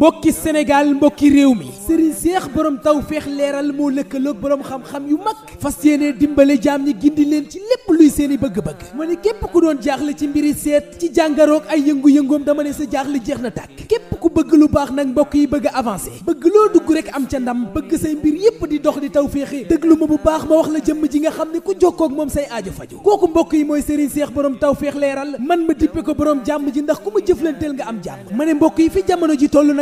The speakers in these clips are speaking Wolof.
mbokki sénégal mbokki réew mi sëriñ seex borom taw feex leeral moo lëkkaloog boroom xam-xam yu mag fas yéene dimbale jaam ñi gindi leen ci lépp luy seeni bëgg-bëgg ma ne képp ku doon jaaxle ci mbiri seet ci jàngaroog ay yëngu-yëngoom dama ne sa jaaxle jeex na tàkk képp ku bëgg lu baax nag mbokk yi bëgg a avancé bëgg loo dugg rek am ca ndam bëgg say mbir yépp di dox di taw féexe déglu ma bu baax ma wax la jëmm ji nga xam ne ku jokkoo ak moom say aajo faju kooku mbokk yi mooy sëriñ seex borom taw feex leeral ma dippe ko borom jàmm ji ndax ku ma mbokk yi fi jamono ji tollu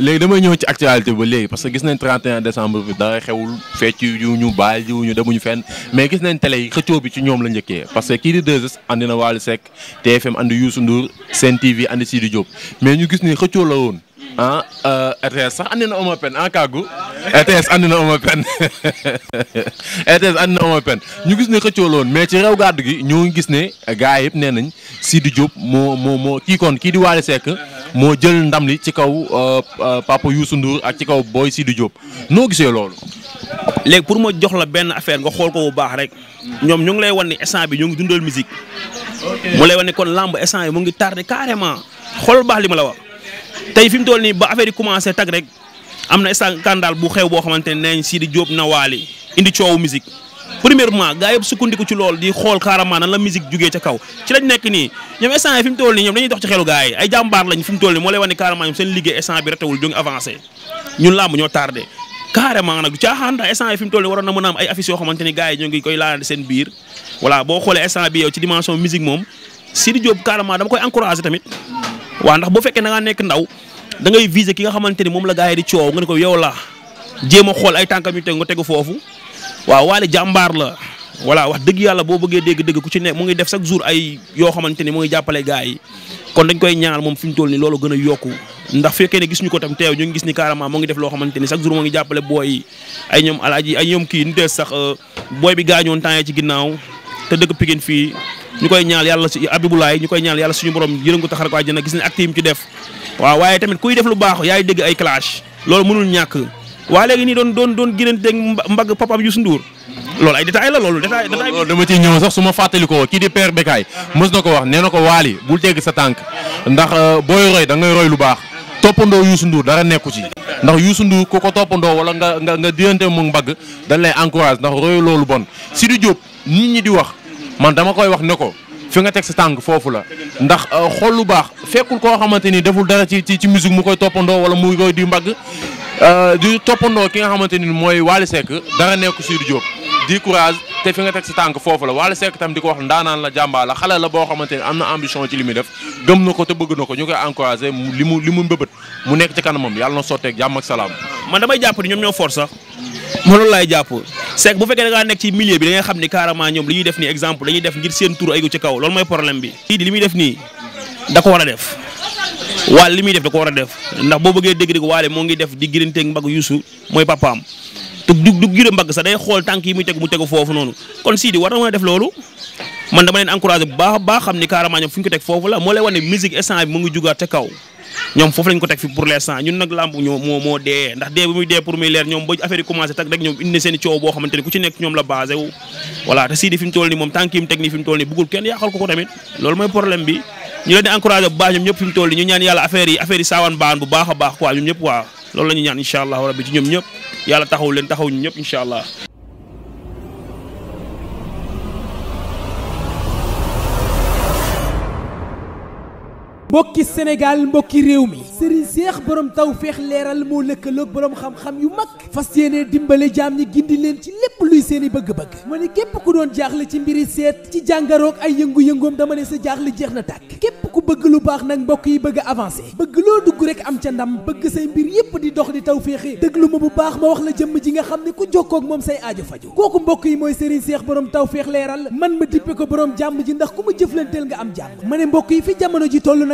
léegi damay ñëw ci actualité ba léegi parce que gis nañ 31 décembre bi dara xewul fecc yu ñu baal yu ñu demuñu fenn mais gis nañ tele yi xëccoo bi ci ñoom la njëkkee parce que kii di 2S andi na Wally Seck TFM andi Youssou Ndour Sen TV andi Sidi Diop mais ñu gis ni xëccoo la woon ah euh, RTS sax andi na Omar Pène ah kàggu na Omar Pène RTS na Omar ñu gis ne xëccoo la mais ci rew gàddu gi ñoo gis ne gars yëpp nee nañ Sidi Diop moo moo moo kii kon kii di Waly Seck moo jël ndam li ci kaw euh, euh, Papa Youssou Ndour ak ci kaw Boy Sidi Diop noo gisee loolu. léegi pour ma jox la benn affaire nga xool ko bu baax rek ñoom ñoo ngi lay wan ni instant bi ñu ngi dundool musique mu lay wan ni kon lamb instant yi mu ngi tardé carrément xool baax li ma la wax. tey fi mu toll nii ba affaire yi commencé tag rek am na scandale bu xew boo xamante ne nañ Sidi Diop na waali indi coowu musique premièrement gars yëpp sukkandiku ci lool di xool carrément nan la musique jugee ca kaw ci lañ nekk nii ñoom instant yi fi mu toll nii ñoom dañuy dox ci xelu gars yi ay jàmbaar lañ fi mu toll nii moo lay wane carrément ñoom seen liggéey instant bi retewul ñu ngi avancé ñun làmb ñoo tardé carrément nag du caaxaan ndax instant yi toll nii waroon na a am ay affiches yoo xamante koy laalante seen biir voilà boo xoolee instant bi yow ci dimension musique moom tamit waa ndax bu fekkee da nekk ndaw da ngay viser ki nga xamante ni moom la gars yi di coow nga ne ko yow laa jéem a xool ay tànkam yu teg tegu foofu waaw waale jàmbaar la voilà wax dëgg yàlla boo bëggee dégg-dëgg ku ci ne mu ngi def chaque jour ay yoo xamante ni mu ngi jàppale gars kon dañ koy ñaanal moom fi mu toll ni loolu gën a yokk ndax fekkee ne gisuñu ko tam teew ñu ngi gis ni carrément mu ngi def loo xamante ni chaque jour mu ngi jàppale booy ay ñoom alaaj ay ñoom kii nu dee sax euh, booy bi gaañoon temps ci ginnaaw te dëkk Pikine fii ñu koy ñaal yàlla si abibulaay ñu koy ñaal yàlla suñu borom yërëngu taxar ko àjjana gis ne acte yi mu ci def waaw waaye tamit kuy def lu baax yaay dégg ay clash loolu mënul ñàkk waa léegi nii doon doon doon gënante mbagg papam Youssou Ndour loolu ay détail la loolu détail dama ciy ñëw sax su fàttali ko kii di père Bekaay mos na wax nee na ko waali bul tegg sa tànk ndax euh, booy roy da ngay roy lu baax toppandoo Youssou Ndour dara nekku ci ndax Youssou Ndour ku ko toppandoo wala nga nga nga diggante mu mbagg dañ lay encourage ndax royu loolu bon Sidy Diop nit ñi di wax man dama koy wax ne ko fi nga teg si tànk foofu la ndax euh, xool lu baax fekkul koo xamante ni deful dara ci ci musique mu koy toppandoo wala mu koy di mbagg euh, di toppandoo ki nga xamante ni mooy Wally Seck dara nekk Sidy Diop di courage te fi nga teg si tànk foofu la Wally tam di ko wax ndaanaan la jàmbaar la xale la boo xamante ni am na ambition ci li muy def gëm na ko te bëgg na ko ñu koy encouragé li mu li mu mbëbët mu nekk ci kanamam yàlla na sotteeg jàmm ak salaam. man damay jàpp ni ñoom ñoo force sax ma loolu laay jàpp c'est bu fekkee da ngaa nekk ci milieu bi da xam ni carrément ñoom li ñuy def ni exemple dañuy def ngir seen tur aygu ci kaw loolu mooy problème bi. kii li muy def nii da ko war a def waale li muy def da ko war a def ndax boo bëggee dégg rek waale moo ngi def di giranteeg mbagg Youssou mooy papaam dug du du gire mbagg sax day xool tànk yi muy teg mu tegu foofu noonu kon Sidi war na mën a def loolu. man dama leen encouragé bu baax a baax xam ni carrément ñoom fi ñu ko teg foofu la moo lay wane musique jugaat te kaw ñoom foofu lañ ko teg fi pour l'instant ñun nag làmb ñoo moo moo dee ndax dee bu muy dee pour muy leer ñoom ba affaire yi commencé rek ñoom indi seen coow boo xamante ni ku ci nekk ñoom la basé wu te Sidi fi toll ni moom tànk teg nii fi toll ni bëggul kenn yàqal ko ko tamit loolu mooy problème bi ñu leen di encouragé bu baax ñoom ñëpp fi toll ni ñu ñaan yàlla affaire saawaan baan bu baax baax quoi ñoom ñëpp waaw loolu la ñu ñaan incha leen taxaw ñu ñëpp incha allah mbokki Sénégal mbokki réew mi sëriñ seex borom tawféex leeral moo lëkkaloog borom xam-xam yu mag fas yéene dimbale jaam ñi gindi leen ci lépp luy seeni bëgg-bëgg ma ne képp ku doon jaaxle ci mbiri seet ci jàngaroog ay yëngu-yëngoom dama ne sa jaaxle jeex na tàkk képp ku bëgg lu baax nag mbokk yi bëgg a avancé bëgg loo dugg rek am ca ndam bëgg say mbir yépp di dox di tawféexe déglu ma bu baax ma wax la jëmm ji nga xam ne ku jokkoo ak moom say aajo faju mbokk yi mooy sëriñ seex borom tawféex leeral man ma dippe ko borom jàmm ji ndax ku ma jëflanteel nga am jàmm yi fi jamono ji tollu